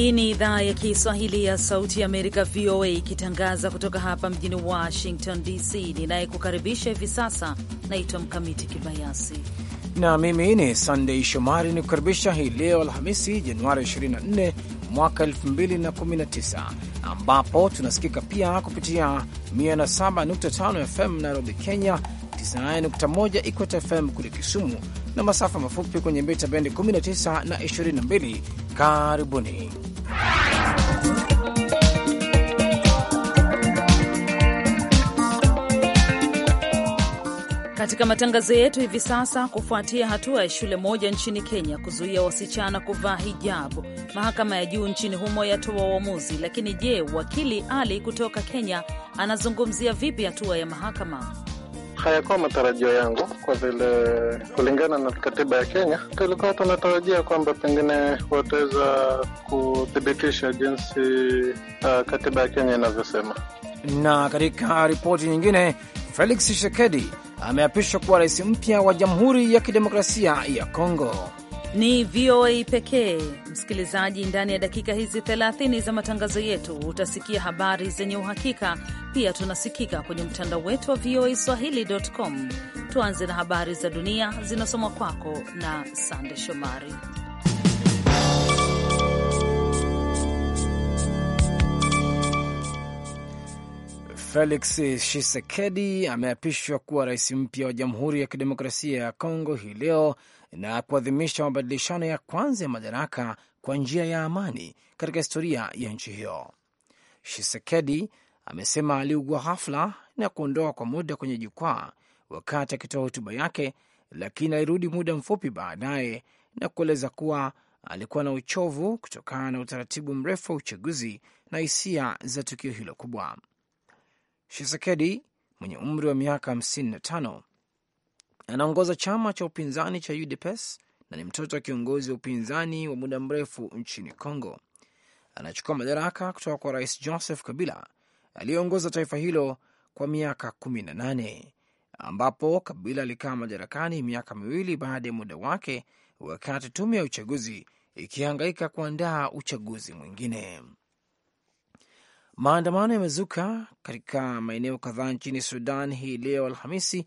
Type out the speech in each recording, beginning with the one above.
Hii ni idhaa ya Kiswahili ya Sauti ya Amerika, VOA, ikitangaza kutoka hapa mjini Washington DC. Ninayekukaribisha hivi sasa naitwa Mkamiti Kibayasi na mimi ni Sandei Shomari ni kukaribisha hii leo Alhamisi, Januari 24 mwaka 2019, ambapo tunasikika pia kupitia 107.5 FM Nairobi, Kenya, 91 Ikweta FM kule Kisumu na masafa mafupi kwenye mita bendi 19 na 22. Karibuni katika matangazo yetu hivi sasa. Kufuatia hatua ya shule moja nchini Kenya kuzuia wasichana kuvaa hijabu, mahakama ya juu nchini humo yatoa uamuzi. Lakini je, wakili Ali kutoka Kenya anazungumzia vipi hatua ya mahakama? Hayakuwa matarajio yangu kwa vile kulingana na katiba ya Kenya tulikuwa tunatarajia kwamba pengine wataweza kuthibitisha jinsi uh, katiba ya Kenya inavyosema. Na katika ripoti nyingine, Felix Shekedi ameapishwa kuwa rais mpya wa Jamhuri ya Kidemokrasia ya Kongo. Ni VOA pekee msikilizaji. Ndani ya dakika hizi 30 za matangazo yetu utasikia habari zenye uhakika. Pia tunasikika kwenye mtandao wetu wa VOA Swahili.com. Tuanze na habari za dunia zinasomwa kwako na Sande Shomari. Felix Tshisekedi ameapishwa kuwa rais mpya wa Jamhuri ya Kidemokrasia ya Kongo hii leo na kuadhimisha mabadilishano ya kwanza ya madaraka kwa njia ya amani katika historia ya nchi hiyo. Tshisekedi amesema aliugua ghafla na kuondoka kwa muda kwenye jukwaa wakati akitoa hotuba yake, lakini alirudi muda mfupi baadaye na kueleza kuwa alikuwa na uchovu kutokana na utaratibu mrefu wa uchaguzi na hisia za tukio hilo kubwa. Shisekedi mwenye umri wa miaka 55 anaongoza chama cha upinzani cha UDPS na ni mtoto wa kiongozi wa upinzani wa muda mrefu nchini Congo. Anachukua madaraka kutoka kwa Rais Joseph Kabila aliyeongoza taifa hilo kwa miaka 18 ambapo Kabila alikaa madarakani miaka miwili baada ya muda wake, wakati tume ya uchaguzi ikihangaika kuandaa uchaguzi mwingine. Maandamano yamezuka katika maeneo kadhaa nchini Sudan hii leo Alhamisi,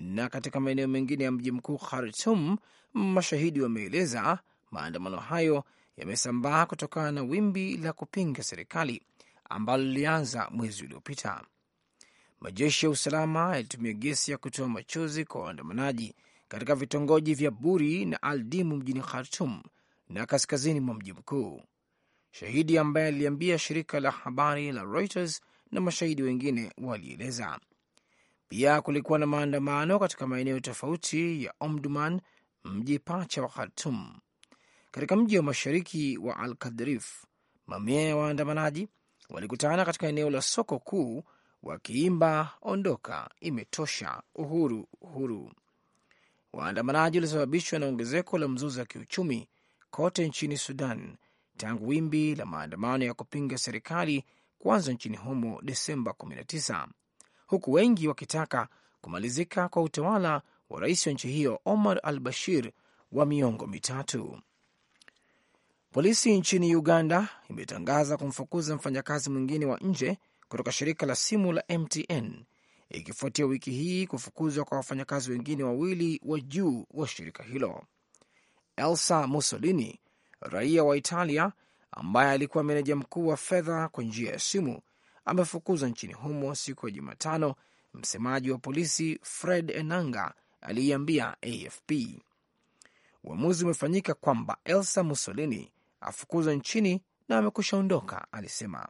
na katika maeneo mengine ya mji mkuu Khartum, mashahidi wameeleza. Maandamano hayo yamesambaa kutokana na wimbi la kupinga serikali ambalo lilianza mwezi uliopita. Majeshi ya usalama yalitumia gesi ya kutoa machozi kwa waandamanaji katika vitongoji vya Buri na Aldimu mjini Khartum na kaskazini mwa mji mkuu shahidi ambaye aliliambia shirika la habari la Reuters na mashahidi wengine walieleza. Pia kulikuwa na maandamano katika maeneo tofauti ya Omduman, mji pacha wa Khartum. Katika mji wa mashariki wa Al Kadrif, mamia ya waandamanaji walikutana katika eneo la soko kuu wakiimba ondoka, imetosha, uhuru, uhuru. Waandamanaji walisababishwa na ongezeko la mzozo wa kiuchumi kote nchini Sudan tangu wimbi la maandamano ya kupinga serikali kuanza nchini humo Desemba 19 huku wengi wakitaka kumalizika kwa utawala wa rais wa nchi hiyo Omar al Bashir wa miongo mitatu. Polisi nchini Uganda imetangaza kumfukuza mfanyakazi mwingine wa nje kutoka shirika la simu la MTN ikifuatia wiki hii kufukuzwa kwa wafanyakazi wengine wawili wa juu wa shirika hilo. Elsa Mussolini raia wa Italia ambaye alikuwa meneja mkuu wa fedha kwa njia ya simu amefukuzwa nchini humo siku ya Jumatano, msemaji wa polisi Fred Enanga aliiambia AFP. Uamuzi umefanyika kwamba Elsa Mussolini afukuzwa nchini na amekusha ondoka, alisema.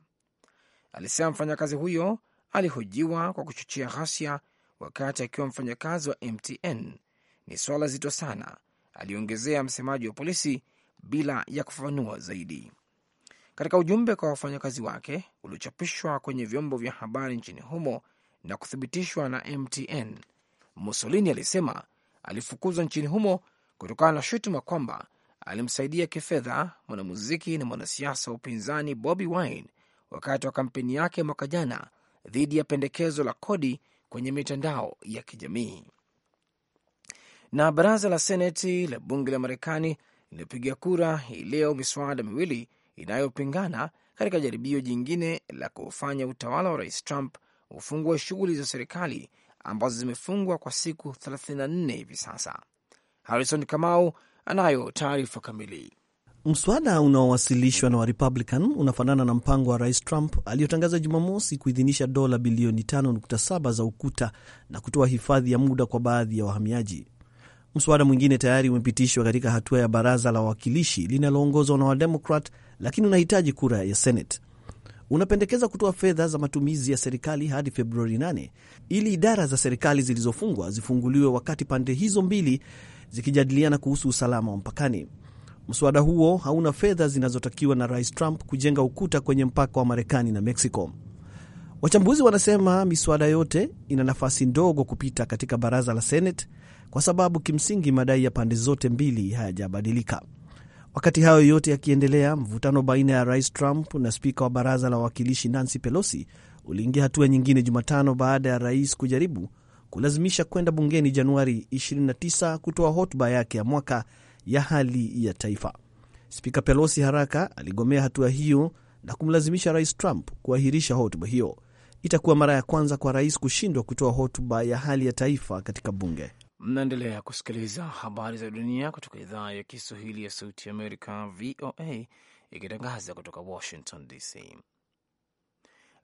Alisema mfanyakazi huyo alihojiwa kwa kuchochea ghasia wakati akiwa mfanyakazi wa MTN. Ni swala zito sana, aliongezea msemaji wa polisi bila ya kufafanua zaidi. Katika ujumbe kwa wafanyakazi wake uliochapishwa kwenye vyombo vya habari nchini humo na kuthibitishwa na MTN, Mussolini alisema alifukuzwa nchini humo kutokana na shutuma kwamba alimsaidia kifedha mwanamuziki na mwanasiasa wa upinzani Bobi Wine wakati wa kampeni yake mwaka jana dhidi ya pendekezo la kodi kwenye mitandao ya kijamii. Na baraza la seneti la bunge la Marekani inapiga kura hii leo miswada miwili inayopingana katika jaribio jingine la kufanya utawala wa rais Trump ufungue shughuli za serikali ambazo zimefungwa kwa siku 34 hivi sasa. Harrison Kamau anayo taarifa kamili. Mswada unaowasilishwa na Warepublican unafanana na mpango wa rais Trump aliyotangaza Jumamosi kuidhinisha dola bilioni 5.7 za ukuta na kutoa hifadhi ya muda kwa baadhi ya wahamiaji. Mswada mwingine tayari umepitishwa katika hatua ya baraza la wawakilishi linaloongozwa na Wademokrat, lakini unahitaji kura ya Senate. Unapendekeza kutoa fedha za matumizi ya serikali hadi Februari 8 ili idara za serikali zilizofungwa zifunguliwe, wakati pande hizo mbili zikijadiliana kuhusu usalama wa mpakani. Mswada huo hauna fedha zinazotakiwa na Rais Trump kujenga ukuta kwenye mpaka wa Marekani na Mexico. Wachambuzi wanasema miswada yote ina nafasi ndogo kupita katika baraza la Senate kwa sababu kimsingi madai ya pande zote mbili hayajabadilika. Wakati hayo yote yakiendelea, mvutano baina ya rais Trump na spika wa baraza la wawakilishi Nancy Pelosi uliingia hatua nyingine Jumatano baada ya rais kujaribu kulazimisha kwenda bungeni Januari 29 kutoa hotuba yake ya mwaka ya hali ya taifa. Spika Pelosi haraka aligomea hatua hiyo na kumlazimisha rais Trump kuahirisha hotuba hiyo. Itakuwa mara ya kwanza kwa rais kushindwa kutoa hotuba ya hali ya taifa katika bunge. Mnaendelea kusikiliza habari za dunia kutoka idhaa ya Kiswahili ya Sauti ya Amerika, VOA, ikitangaza kutoka Washington DC.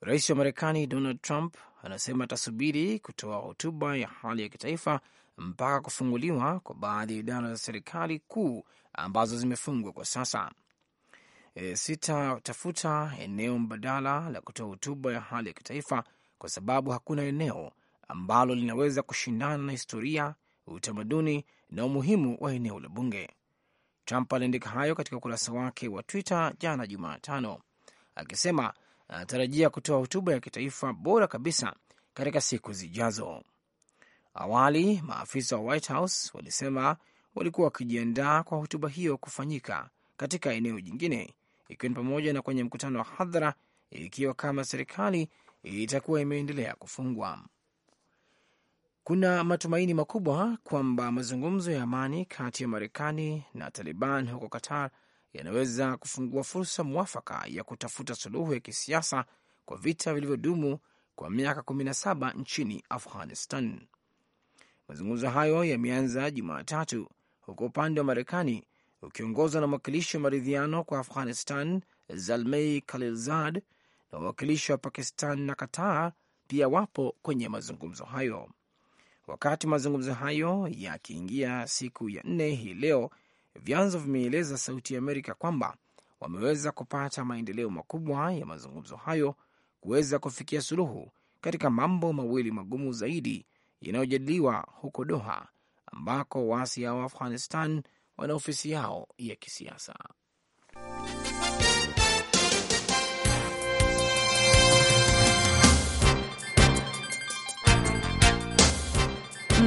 Rais wa Marekani Donald Trump anasema atasubiri kutoa hotuba ya hali ya kitaifa mpaka kufunguliwa kwa baadhi ya idara za serikali kuu ambazo zimefungwa kwa sasa. E, sitatafuta eneo mbadala la kutoa hotuba ya hali ya kitaifa kwa sababu hakuna eneo ambalo linaweza kushindana na historia utamaduni na umuhimu wa eneo la bunge. Trump aliandika hayo katika ukurasa wake wa Twitter jana Jumatano, akisema anatarajia kutoa hotuba ya kitaifa bora kabisa katika siku zijazo. Awali maafisa wa White House walisema walikuwa wakijiandaa kwa hotuba hiyo kufanyika katika eneo jingine, ikiwa ni pamoja na kwenye mkutano wa hadhara, ikiwa kama serikali itakuwa imeendelea kufungwa. Kuna matumaini makubwa kwamba mazungumzo ya amani kati ya Marekani na Taliban huko Qatar yanaweza kufungua fursa mwafaka ya kutafuta suluhu ya kisiasa kwa vita vilivyodumu kwa miaka 17 nchini Afghanistan. Mazungumzo hayo yameanza Jumatatu, huko upande wa Marekani ukiongozwa na mwakilishi wa maridhiano kwa Afghanistan Zalmei Khalilzad na wawakilishi wa Pakistan na Qatar pia wapo kwenye mazungumzo hayo. Wakati mazungumzo hayo yakiingia siku ya nne hii leo, vyanzo vimeeleza Sauti ya Amerika kwamba wameweza kupata maendeleo makubwa ya mazungumzo hayo kuweza kufikia suluhu katika mambo mawili magumu zaidi yanayojadiliwa huko Doha, ambako waasi hao wa Afghanistan wana ofisi yao ya kisiasa.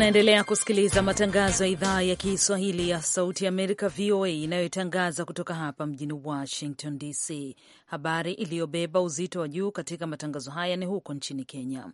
Unaendelea kusikiliza matangazo ya idhaa ya Kiswahili ya Sauti ya Amerika, VOA, inayotangaza kutoka hapa mjini Washington DC. Habari iliyobeba uzito wa juu katika matangazo haya ni huko nchini Kenya.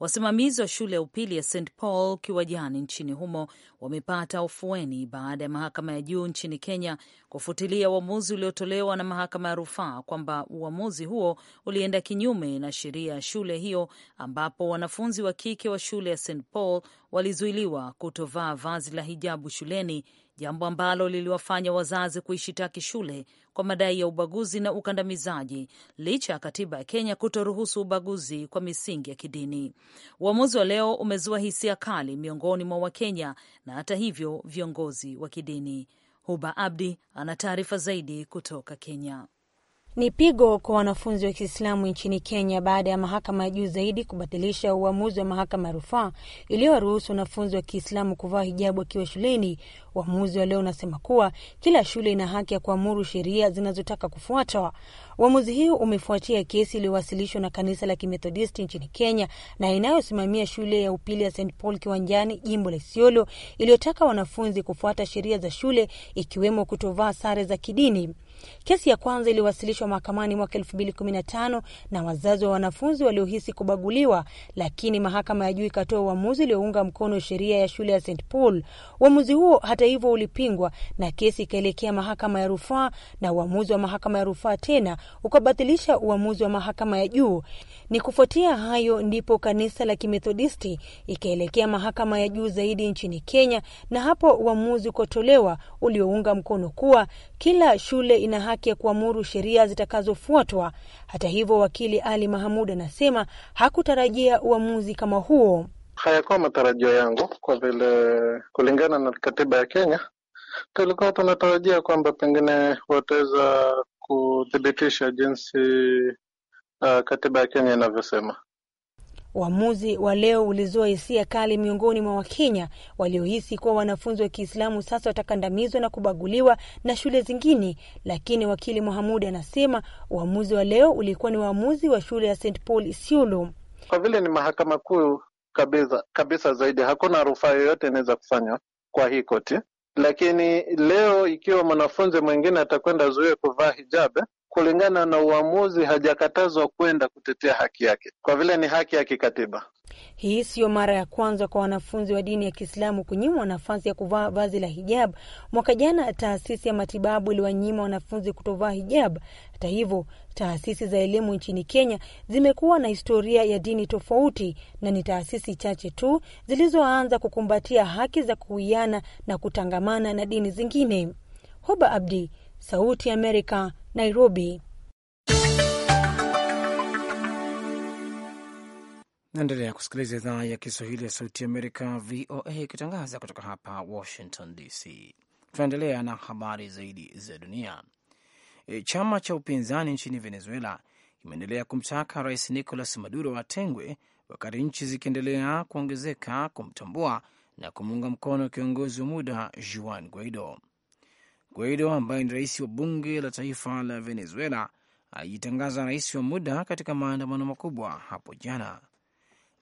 Wasimamizi wa shule ya upili ya St Paul Kiwajani nchini humo wamepata ufueni baada ya mahakama ya juu nchini Kenya kufutilia uamuzi uliotolewa na mahakama ya rufaa kwamba uamuzi huo ulienda kinyume na sheria ya shule hiyo, ambapo wanafunzi wa kike wa shule ya St Paul walizuiliwa kutovaa vazi la hijabu shuleni jambo ambalo liliwafanya wazazi kuishitaki shule kwa madai ya ubaguzi na ukandamizaji licha ya katiba ya Kenya kutoruhusu ubaguzi kwa misingi ya kidini. Uamuzi wa leo umezua hisia kali miongoni mwa Wakenya na hata hivyo viongozi wa kidini. Huba Abdi ana taarifa zaidi kutoka Kenya. Ni pigo kwa wanafunzi wa Kiislamu nchini Kenya baada ya mahakama ya juu zaidi kubatilisha uamuzi wa mahakama ya rufaa iliyowaruhusu wanafunzi wa Kiislamu kuvaa hijabu akiwa shuleni. Uamuzi wa leo unasema kuwa kila shule ina haki ya kuamuru sheria zinazotaka kufuatwa. Uamuzi huu umefuatia kesi iliyowasilishwa na kanisa la Kimethodisti nchini Kenya na inayosimamia shule ya upili ya St Paul Kiwanjani, jimbo la Isiolo, iliyotaka wanafunzi kufuata sheria za shule, ikiwemo kutovaa sare za kidini. Kesi ya kwanza iliwasilishwa mahakamani mwaka elfu mbili kumi na tano na wazazi wa wanafunzi waliohisi kubaguliwa, lakini mahakama ya juu ikatoa uamuzi uliounga mkono sheria ya shule ya St Paul. Uamuzi huo hata hivyo ulipingwa na kesi ikaelekea mahakama ya rufaa, na uamuzi wa mahakama ya rufaa tena ukabatilisha uamuzi wa mahakama ya juu. Ni kufuatia hayo ndipo kanisa la kimethodisti ikaelekea mahakama ya juu zaidi nchini Kenya, na hapo uamuzi ukotolewa uliounga mkono kuwa kila shule ina haki ya kuamuru sheria zitakazofuatwa. Hata hivyo, wakili Ali Mahamud anasema hakutarajia uamuzi kama huo. Hayakuwa matarajio yangu kwa vile kulingana na katiba ya Kenya tulikuwa tunatarajia kwamba pengine wataweza kuthibitisha jinsi uh, katiba ya Kenya inavyosema Uamuzi wa leo ulizua hisia kali miongoni mwa Wakenya waliohisi kuwa wanafunzi wa Kiislamu sasa watakandamizwa na kubaguliwa na shule zingine, lakini wakili Mohamud anasema uamuzi wa leo ulikuwa ni uamuzi wa shule ya St Paul Isiolo. Kwa vile ni mahakama kuu kabisa, kabisa zaidi, hakuna rufaa yoyote inaweza kufanywa kwa hii koti. Lakini leo ikiwa mwanafunzi mwingine atakwenda zuia kuvaa hijab kulingana na uamuzi hajakatazwa kwenda kutetea haki yake, kwa vile ni haki ya kikatiba. Hii siyo mara ya kwanza kwa wanafunzi wa dini ya Kiislamu kunyimwa nafasi ya kuvaa vazi la hijab. Mwaka jana taasisi ya matibabu iliwanyima wanafunzi kutovaa hijab. Hata hivyo, taasisi za elimu nchini Kenya zimekuwa na historia ya dini tofauti na ni taasisi chache tu zilizoanza kukumbatia haki za kuwiana na kutangamana na dini zingine. Hoba Abdi Sauti ya Amerika, Nairobi. Naendelea kusikiliza idhaa ya Kiswahili ya Sauti ya Amerika, VOA, ikitangaza kutoka hapa Washington DC. Tunaendelea na habari zaidi za dunia. E, chama cha upinzani nchini Venezuela kimeendelea kumtaka Rais Nicolas Maduro atengwe wakati nchi zikiendelea kuongezeka kumtambua na kumuunga mkono kiongozi wa muda Juan Guaido. Guaido ambaye ni rais wa bunge la taifa la Venezuela alijitangaza rais wa muda katika maandamano makubwa hapo jana.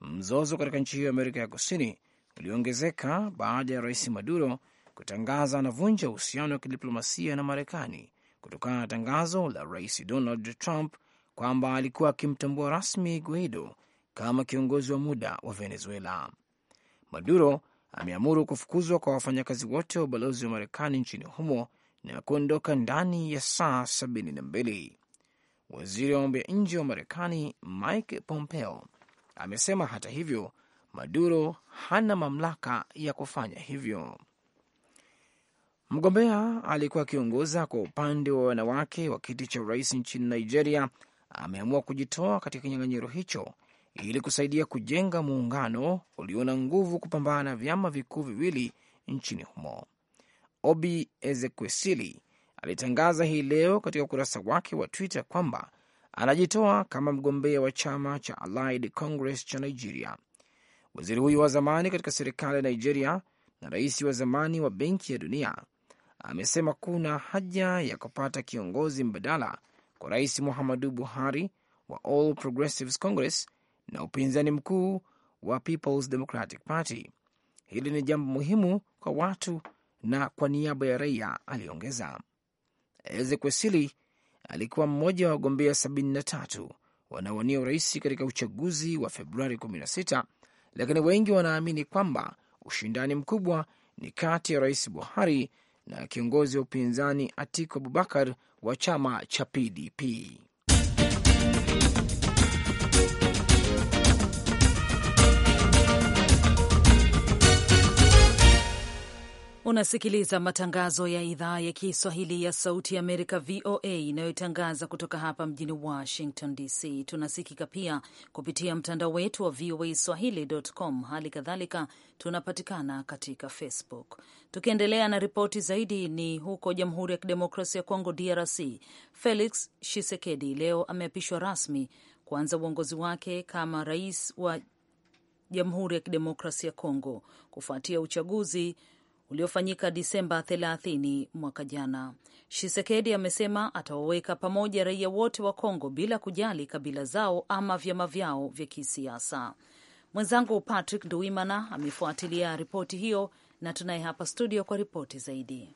Mzozo katika nchi hiyo ya Amerika ya Kusini uliongezeka baada ya rais Maduro kutangaza anavunja uhusiano wa kidiplomasia na Marekani kutokana na tangazo la rais Donald Trump kwamba alikuwa akimtambua rasmi Guaido kama kiongozi wa muda wa Venezuela. Maduro ameamuru kufukuzwa kwa wafanyakazi wote wa ubalozi wa Marekani nchini humo na kuondoka ndani ya saa sabini na mbili Waziri wa mambo ya nje wa Marekani Mike Pompeo amesema hata hivyo, Maduro hana mamlaka ya kufanya hivyo. Mgombea aliyekuwa akiongoza kwa upande wa wanawake wa kiti cha urais nchini Nigeria ameamua kujitoa katika kinyang'anyiro hicho ili kusaidia kujenga muungano ulio na nguvu kupambana na vyama vikuu viwili nchini humo. Obi Ezekwesili alitangaza hii leo katika ukurasa wake wa Twitter kwamba anajitoa kama mgombea wa chama cha Allied Congress cha Nigeria. Waziri huyu wa zamani katika serikali ya Nigeria na rais wa zamani wa Benki ya Dunia amesema kuna haja ya kupata kiongozi mbadala kwa Rais Muhammadu Buhari wa All Progressives Congress na upinzani mkuu wa Peoples Democratic Party. Hili ni jambo muhimu kwa watu na kwa niaba ya raia, aliongeza. Ezekwesili alikuwa mmoja wa wagombea 73 wanaowania urais katika uchaguzi wa Februari 16, lakini wengi wanaamini kwamba ushindani mkubwa ni kati ya Rais Buhari na kiongozi wa upinzani Atiku Abubakar wa chama cha PDP. Unasikiliza matangazo ya idhaa ya Kiswahili ya Sauti ya Amerika, VOA, inayotangaza kutoka hapa mjini Washington DC. Tunasikika pia kupitia mtandao wetu wa VOA swahili.com. Hali kadhalika tunapatikana katika Facebook. Tukiendelea na ripoti zaidi, ni huko Jamhuri ya Kidemokrasia ya Kongo, DRC. Felix Tshisekedi leo ameapishwa rasmi kuanza uongozi wake kama rais wa Jamhuri ya Kidemokrasia ya Kongo kufuatia uchaguzi uliofanyika Disemba 30 mwaka jana. Shisekedi amesema atawaweka pamoja raia wote wa Kongo bila kujali kabila zao ama vyama vyao vya kisiasa. Mwenzangu Patrick duimana amefuatilia ripoti hiyo na tunaye hapa studio kwa ripoti zaidi.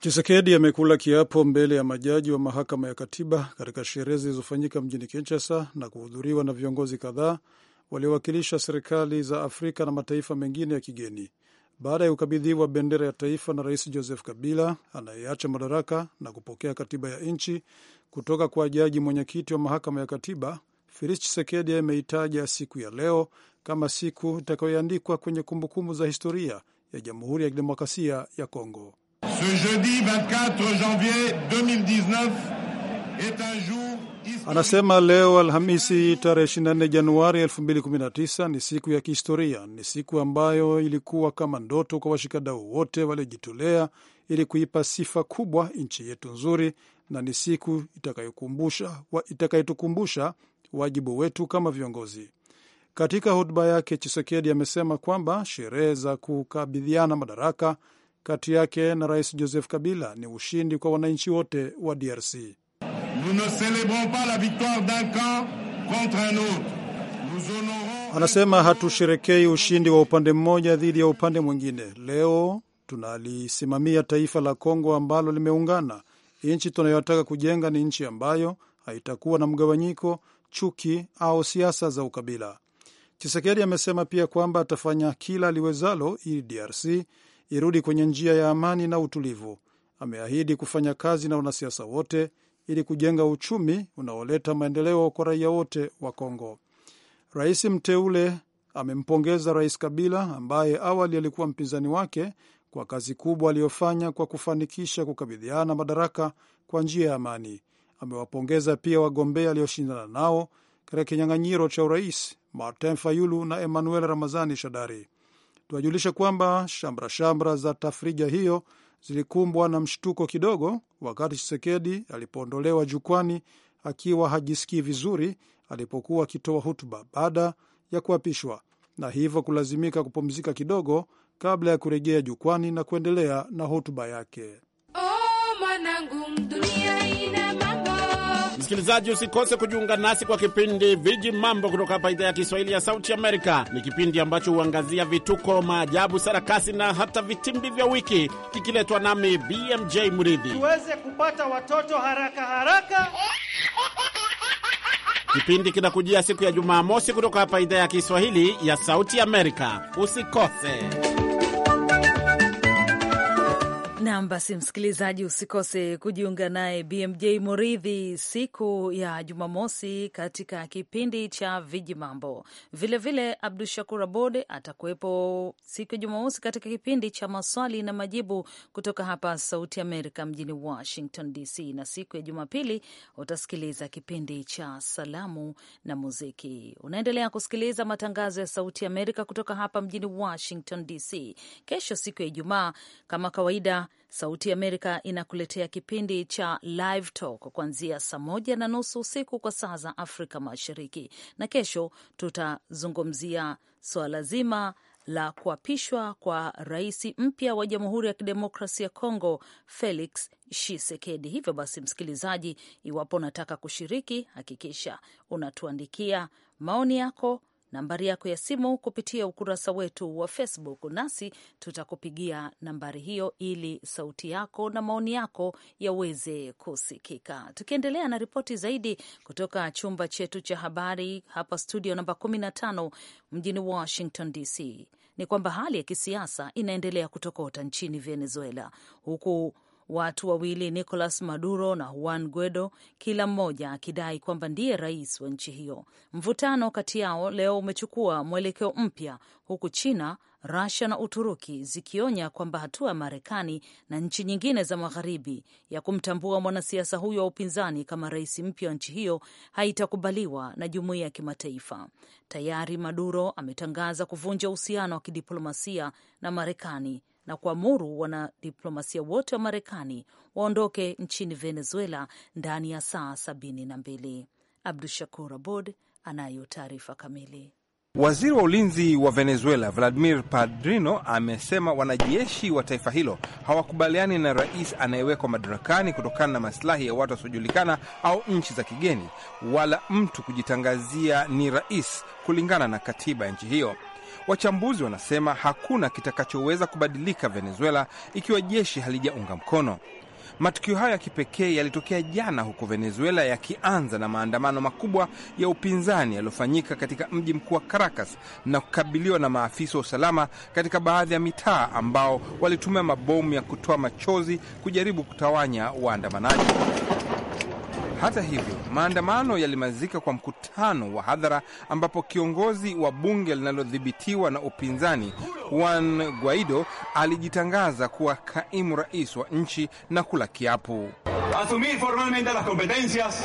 Chisekedi amekula kiapo mbele ya majaji wa mahakama ya katiba katika sherehe zilizofanyika mjini Kinshasa na kuhudhuriwa na viongozi kadhaa waliowakilisha serikali za Afrika na mataifa mengine ya kigeni baada ya kukabidhiwa bendera ya taifa na Rais Joseph Kabila anayeacha madaraka na kupokea katiba ya nchi kutoka kwa jaji mwenyekiti wa mahakama ya katiba Felix chisekedi ameitaja siku ya leo kama siku itakayoandikwa kwenye kumbukumbu za historia ya Jamhuri ya Kidemokrasia ya Kongo. Ce jeudi 24 janvier 2019 est un jour Anasema leo Alhamisi tarehe 24 Januari 2019 ni siku ya kihistoria, ni siku ambayo ilikuwa kama ndoto kwa washikadau wote waliojitolea ili kuipa sifa kubwa nchi yetu nzuri, na ni siku itakayotukumbusha wa, wajibu wetu kama viongozi. Katika hotuba yake, Chisekedi amesema kwamba sherehe za kukabidhiana madaraka kati yake na Rais Joseph Kabila ni ushindi kwa wananchi wote wa DRC. Nous ne célébrons pas la victoire d'un camp contre un autre. Nous honorons... Anasema hatusherekei ushindi wa upande mmoja dhidi ya upande mwingine. Leo tunalisimamia taifa la Kongo ambalo limeungana. Nchi tunayotaka kujenga ni nchi ambayo haitakuwa na mgawanyiko, chuki au siasa za ukabila. Chisekedi amesema pia kwamba atafanya kila aliwezalo ili DRC irudi kwenye njia ya amani na utulivu. Ameahidi kufanya kazi na wanasiasa wote ili kujenga uchumi unaoleta maendeleo kwa raia wote wa Kongo. Rais mteule amempongeza Rais Kabila ambaye awali alikuwa mpinzani wake kwa kazi kubwa aliyofanya kwa kufanikisha kukabidhiana madaraka kwa njia ya amani. Amewapongeza pia wagombea aliyoshindana nao katika kinyang'anyiro cha urais, Martin Fayulu na Emmanuel Ramazani Shadari. Tuwajulishe kwamba shamra shamra za tafrija hiyo zilikumbwa na mshtuko kidogo wakati Chisekedi alipoondolewa jukwani akiwa hajisikii vizuri alipokuwa akitoa hutuba baada ya kuapishwa, na hivyo kulazimika kupumzika kidogo kabla ya kurejea jukwani na kuendelea na hotuba yake. Oh, manangu, dunia ina Msikilizaji, usikose kujiunga nasi kwa kipindi Viji Mambo kutoka hapa idhaa ya Kiswahili ya Sauti Amerika. Ni kipindi ambacho huangazia vituko, maajabu, sarakasi na hata vitimbi vya wiki, kikiletwa nami BMJ mridhi tuweze kupata watoto haraka haraka. Kipindi kinakujia siku ya Jumamosi kutoka hapa idhaa ya Kiswahili ya Sauti Amerika. Usikose. Nam, basi msikilizaji, usikose kujiunga naye BMJ Muridhi siku ya Jumamosi katika kipindi cha Viji Mambo. Vilevile Abdu Shakur Abod atakuwepo siku ya Jumamosi katika kipindi cha maswali na majibu kutoka hapa Sauti Amerika mjini Washington DC, na siku ya Jumapili utasikiliza kipindi cha Salamu na Muziki. Unaendelea kusikiliza matangazo ya Sauti Amerika kutoka hapa mjini Washington DC. Kesho siku ya Ijumaa kama kawaida Sauti Amerika inakuletea kipindi cha Live Talk kuanzia saa moja na nusu usiku kwa saa za Afrika Mashariki, na kesho tutazungumzia suala zima la kuapishwa kwa rais mpya wa Jamhuri ya Kidemokrasia ya Kongo, Felix Tshisekedi. Hivyo basi, msikilizaji, iwapo unataka kushiriki, hakikisha unatuandikia maoni yako nambari yako ya simu kupitia ukurasa wetu wa Facebook, nasi tutakupigia nambari hiyo ili sauti yako na maoni yako yaweze kusikika. Tukiendelea na ripoti zaidi kutoka chumba chetu cha habari hapa studio namba 15 mjini Washington DC, ni kwamba hali ya kisiasa inaendelea kutokota nchini Venezuela huku watu wawili Nicolas Maduro na Juan Guaido, kila mmoja akidai kwamba ndiye rais wa nchi hiyo. Mvutano kati yao leo umechukua mwelekeo mpya, huku China, Rusia na Uturuki zikionya kwamba hatua ya Marekani na nchi nyingine za magharibi ya kumtambua mwanasiasa huyo wa upinzani kama rais mpya wa nchi hiyo haitakubaliwa na jumuiya ya kimataifa. Tayari Maduro ametangaza kuvunja uhusiano wa kidiplomasia na Marekani na kuamuru wanadiplomasia wote wa Marekani waondoke nchini Venezuela ndani ya saa sabini na mbili. Abdu Shakur Abod anayo taarifa kamili. Waziri wa ulinzi wa Venezuela Vladimir Padrino amesema wanajeshi wa taifa hilo hawakubaliani na rais anayewekwa madarakani kutokana na masilahi ya watu wasiojulikana au nchi za kigeni, wala mtu kujitangazia ni rais kulingana na katiba ya nchi hiyo. Wachambuzi wanasema hakuna kitakachoweza kubadilika Venezuela ikiwa jeshi halijaunga mkono. Matukio hayo ya kipekee yalitokea jana huko Venezuela, yakianza na maandamano makubwa ya upinzani yaliyofanyika katika mji mkuu wa Caracas na kukabiliwa na maafisa wa usalama katika baadhi ya mitaa ambao walitumia mabomu ya kutoa machozi kujaribu kutawanya waandamanaji. Hata hivyo, maandamano yalimalizika kwa mkutano wa hadhara ambapo kiongozi wa bunge linalodhibitiwa na upinzani Juan Guaido alijitangaza kuwa kaimu rais wa nchi na kula kiapo asumir formalmente las competencias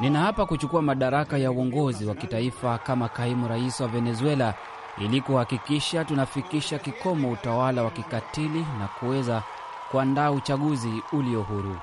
Ninaapa kuchukua madaraka ya uongozi wa kitaifa kama kaimu rais wa Venezuela ili kuhakikisha tunafikisha kikomo utawala wa kikatili na kuweza kuandaa uchaguzi ulio huru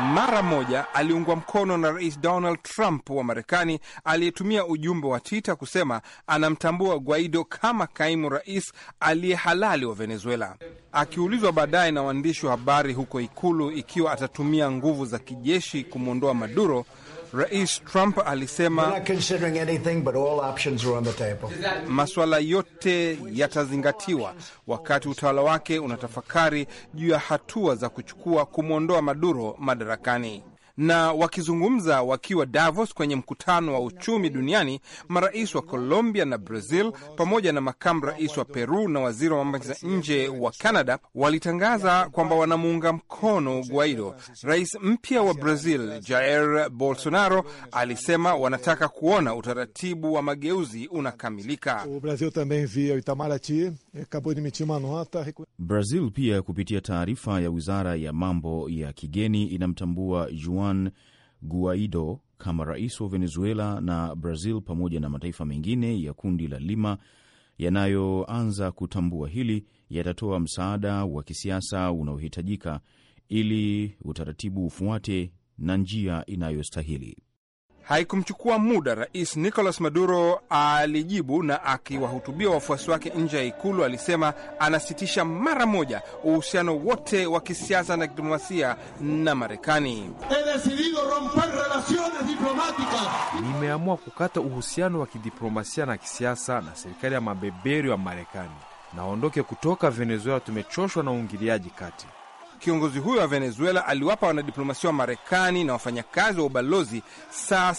mara moja aliungwa mkono na Rais Donald Trump wa Marekani aliyetumia ujumbe wa Twitter kusema anamtambua Guaido kama kaimu rais aliye halali wa Venezuela. Akiulizwa baadaye na waandishi wa habari huko Ikulu ikiwa atatumia nguvu za kijeshi kumwondoa Maduro, Rais Trump alisema masuala yote yatazingatiwa wakati utawala wake unatafakari juu ya hatua za kuchukua kumwondoa Maduro madarakani na wakizungumza wakiwa Davos kwenye mkutano wa uchumi duniani, marais wa Colombia na Brazil pamoja na makamu rais wa Peru na waziri wa mambo za nje wa Canada walitangaza kwamba wanamuunga mkono Guaido. Rais mpya wa Brazil Jair Bolsonaro alisema wanataka kuona utaratibu wa mageuzi unakamilika. Eh, Brazil pia kupitia taarifa ya wizara ya mambo ya kigeni inamtambua Joao Juan Guaido kama rais wa Venezuela na Brazil pamoja na mataifa mengine ya kundi la Lima yanayoanza kutambua hili yatatoa msaada wa kisiasa unaohitajika ili utaratibu ufuate na njia inayostahili. Haikumchukua muda, Rais Nicolas Maduro alijibu, na akiwahutubia wafuasi wake nje ya ikulu alisema anasitisha mara moja uhusiano wote wa kisiasa na kidiplomasia na Marekani. Nimeamua kukata uhusiano wa kidiplomasia na kisiasa na serikali ya mabeberi wa Marekani. Naondoke kutoka Venezuela, tumechoshwa na uingiliaji kati. Kiongozi huyo wa Venezuela aliwapa wanadiplomasia wa Marekani na wafanyakazi wa ubalozi saa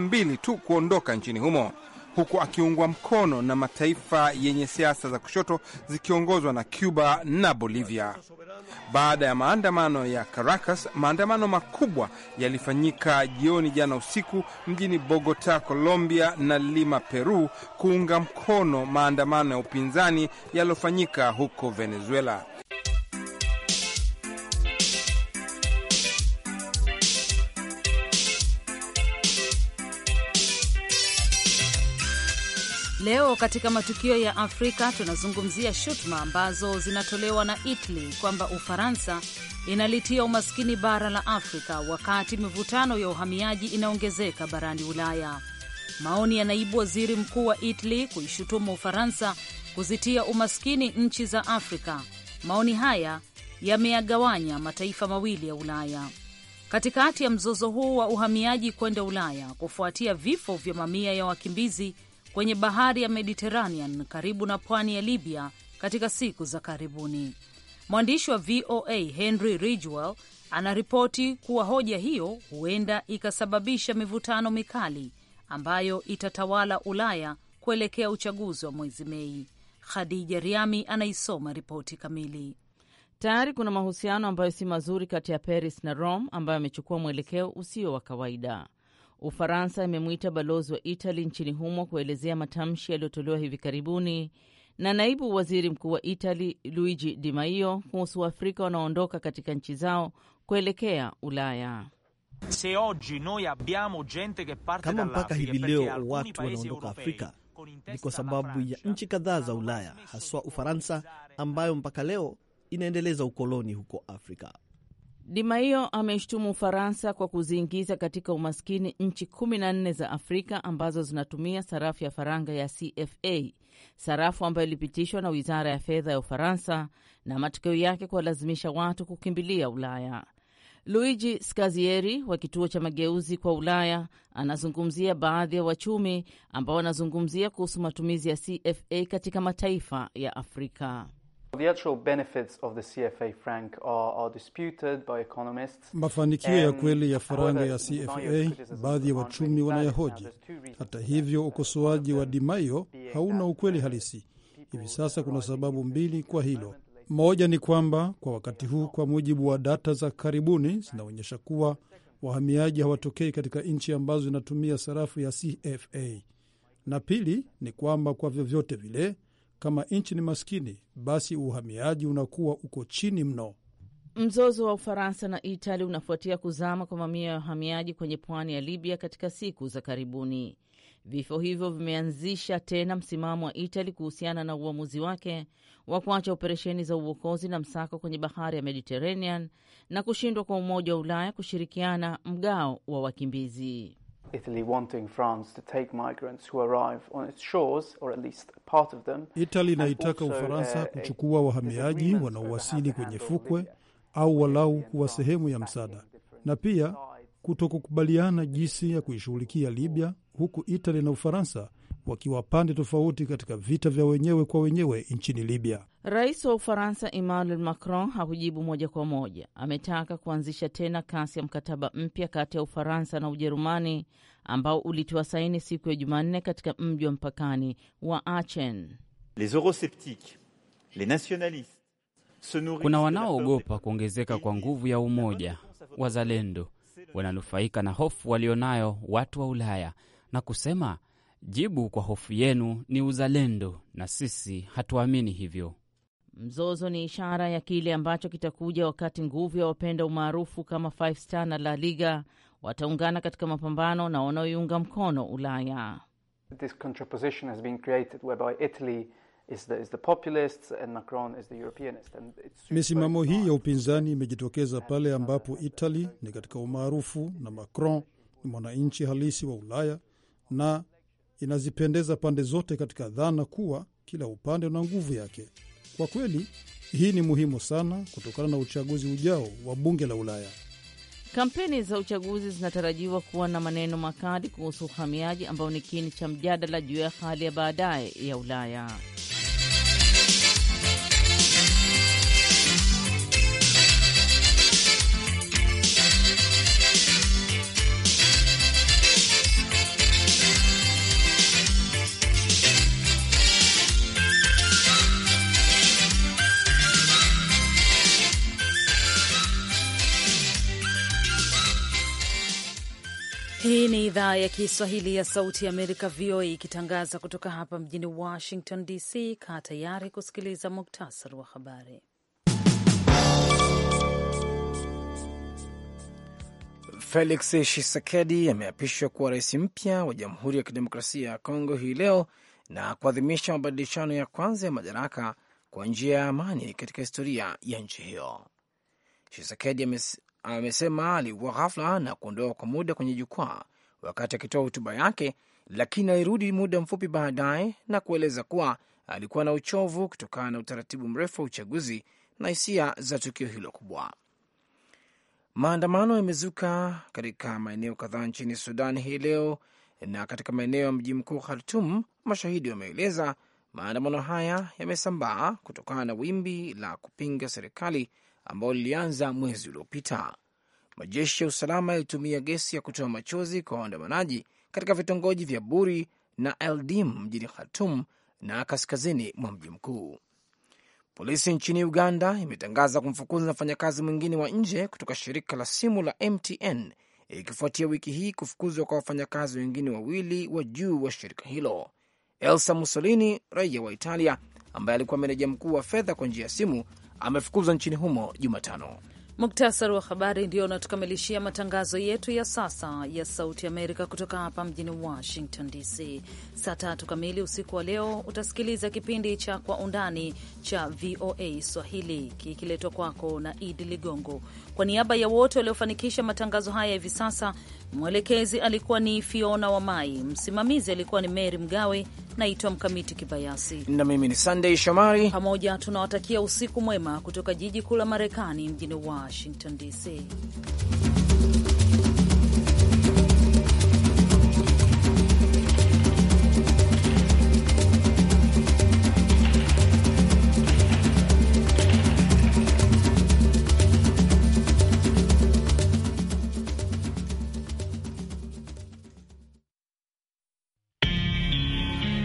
mbili tu kuondoka nchini humo huku akiungwa mkono na mataifa yenye siasa za kushoto zikiongozwa na Cuba na Bolivia. Baada ya maandamano ya Caracas, maandamano makubwa yalifanyika jioni jana usiku mjini Bogota, Colombia na Lima, Peru, kuunga mkono maandamano ya upinzani yaliyofanyika huko Venezuela. Leo katika matukio ya Afrika tunazungumzia shutuma ambazo zinatolewa na Italy kwamba Ufaransa inalitia umaskini bara la Afrika wakati mivutano ya uhamiaji inaongezeka barani Ulaya. Maoni ya naibu waziri mkuu wa Italy kuishutumu Ufaransa kuzitia umaskini nchi za Afrika. Maoni haya yameyagawanya mataifa mawili ya Ulaya katikati ya mzozo huu wa uhamiaji kwenda Ulaya kufuatia vifo vya mamia ya wakimbizi kwenye bahari ya Mediterranean karibu na pwani ya Libya katika siku za karibuni. Mwandishi wa VOA Henry Ridgwell anaripoti kuwa hoja hiyo huenda ikasababisha mivutano mikali ambayo itatawala Ulaya kuelekea uchaguzi wa mwezi Mei. Khadija Riami anaisoma ripoti kamili. Tayari kuna mahusiano ambayo si mazuri kati ya Paris na Rome ambayo yamechukua mwelekeo usio wa kawaida. Ufaransa imemwita balozi wa Itali nchini humo kuelezea matamshi yaliyotolewa hivi karibuni na naibu waziri mkuu wa Itali Luigi Di Maio kuhusu Waafrika wanaoondoka katika nchi zao kuelekea Ulaya. Se oggi noi abbiamo gente che parte kama mpaka e hivi leo watu wanaondoka Afrika ni kwa sababu ya nchi kadhaa za Ulaya, haswa Ufaransa ambayo mpaka leo inaendeleza ukoloni huko Afrika. Di Maio ameshtumu Ufaransa kwa kuziingiza katika umaskini nchi kumi na nne za Afrika ambazo zinatumia sarafu ya faranga ya CFA, sarafu ambayo ilipitishwa na wizara ya fedha ya Ufaransa na matokeo yake kuwalazimisha watu kukimbilia Ulaya. Luigi Scazieri wa kituo cha mageuzi kwa Ulaya anazungumzia baadhi ya wachumi ambao wanazungumzia kuhusu matumizi ya CFA katika mataifa ya Afrika. The actual benefits of the CFA franc are, are disputed by economists. Mafanikio ya kweli ya faranga ya CFA baadhi ya wachumi wanayahoji. Hata hivyo, ukosoaji wa dimayo hauna ukweli halisi. Hivi sasa kuna sababu mbili kwa hilo. Moja ni kwamba kwa wakati huu, kwa mujibu wa data za karibuni, zinaonyesha kuwa wahamiaji hawatokei katika nchi ambazo zinatumia sarafu ya CFA, na pili ni kwamba kwa vyovyote vile kama nchi ni maskini, basi uhamiaji unakuwa uko chini mno. Mzozo wa Ufaransa na Itali unafuatia kuzama kwa mamia ya wahamiaji kwenye pwani ya Libya katika siku za karibuni. Vifo hivyo vimeanzisha tena msimamo wa Itali kuhusiana na uamuzi wake wa kuacha operesheni za uokozi na msako kwenye bahari ya Mediterranean na kushindwa kwa Umoja wa Ulaya kushirikiana mgao wa wakimbizi. Italy wanting France to take migrants who arrive on its shores, or at least part of them. Italy inaitaka Ufaransa uh, kuchukua wahamiaji wanaowasili kwenye fukwe au walau kuwa sehemu ya msaada, na pia kutokukubaliana jinsi ya kuishughulikia Libya, huku Italy na Ufaransa wakiwa pande tofauti katika vita vya wenyewe kwa wenyewe nchini Libya. Rais wa Ufaransa Emmanuel Macron hakujibu moja kwa moja. Ametaka kuanzisha tena kasi ya mkataba mpya kati ya Ufaransa na Ujerumani ambao ulitiwa saini siku ya Jumanne katika mji wa mpakani wa Aachen. Les eurosceptiques, les nationalistes, kuna wanaoogopa kuongezeka kwa nguvu ya umoja. Wazalendo wananufaika na hofu walionayo watu wa Ulaya na kusema jibu kwa hofu yenu ni uzalendo, na sisi hatuamini hivyo. Mzozo ni ishara ya kile ambacho kitakuja wakati nguvu ya wapenda umaarufu kama Five Star na La Liga wataungana katika mapambano na wanaoiunga mkono Ulaya. Misimamo hii ya upinzani imejitokeza pale ambapo Italy ni katika umaarufu na Macron ni mwananchi halisi wa Ulaya na inazipendeza pande zote katika dhana kuwa kila upande una nguvu yake. Kwa kweli hii ni muhimu sana kutokana na uchaguzi ujao wa bunge la Ulaya. Kampeni za uchaguzi zinatarajiwa kuwa na maneno makali kuhusu uhamiaji, ambao ni kiini cha mjadala juu ya hali ya baadaye ya Ulaya. Hii ni idhaa ya Kiswahili ya Sauti ya Amerika, VOA, ikitangaza kutoka hapa mjini Washington DC. Kaa tayari kusikiliza muktasari wa habari. Felix Tshisekedi ameapishwa kuwa rais mpya wa Jamhuri ya Kidemokrasia ya Kongo hii leo na kuadhimisha mabadilishano ya kwanza ya madaraka kwa njia ya amani katika historia ya nchi hiyo. Tshisekedi amesema aliugua ghafla na kuondoka kwa muda kwenye jukwaa wakati akitoa hotuba yake, lakini alirudi muda mfupi baadaye na kueleza kuwa alikuwa na uchovu kutokana na utaratibu mrefu wa uchaguzi na hisia za tukio hilo kubwa. Maandamano yamezuka katika maeneo kadhaa nchini Sudan hii leo na katika maeneo ya mji mkuu Khartum, mashahidi wameeleza. Maandamano haya yamesambaa kutokana na wimbi la kupinga serikali ambao lilianza mwezi uliopita. Majeshi ya usalama yalitumia gesi ya kutoa machozi kwa waandamanaji katika vitongoji vya Buri na Eldim mjini Khartum na kaskazini mwa mji mkuu. Polisi nchini Uganda imetangaza kumfukuza mfanyakazi mwingine wa nje kutoka shirika la simu la MTN ikifuatia wiki hii kufukuzwa kwa wafanyakazi wengine wawili wa juu wa shirika hilo. Elsa Mussolini, raia wa Italia, ambaye alikuwa meneja mkuu wa fedha kwa njia ya simu amefukuzwa nchini humo Jumatano. Muktasari wa habari ndio unatukamilishia matangazo yetu ya sasa ya Sauti Amerika kutoka hapa mjini Washington DC. Saa tatu kamili usiku wa leo utasikiliza kipindi cha Kwa Undani cha VOA Swahili kikiletwa kwako na Idi Ligongo. Kwa niaba ya wote waliofanikisha matangazo haya hivi sasa, mwelekezi alikuwa ni Fiona wa mai msimamizi alikuwa ni Meri Mgawe. Naitwa Mkamiti Kibayasi na mimi ni Sandey Shomari. Pamoja tunawatakia usiku mwema kutoka jiji kuu la Marekani, mjini Washington DC.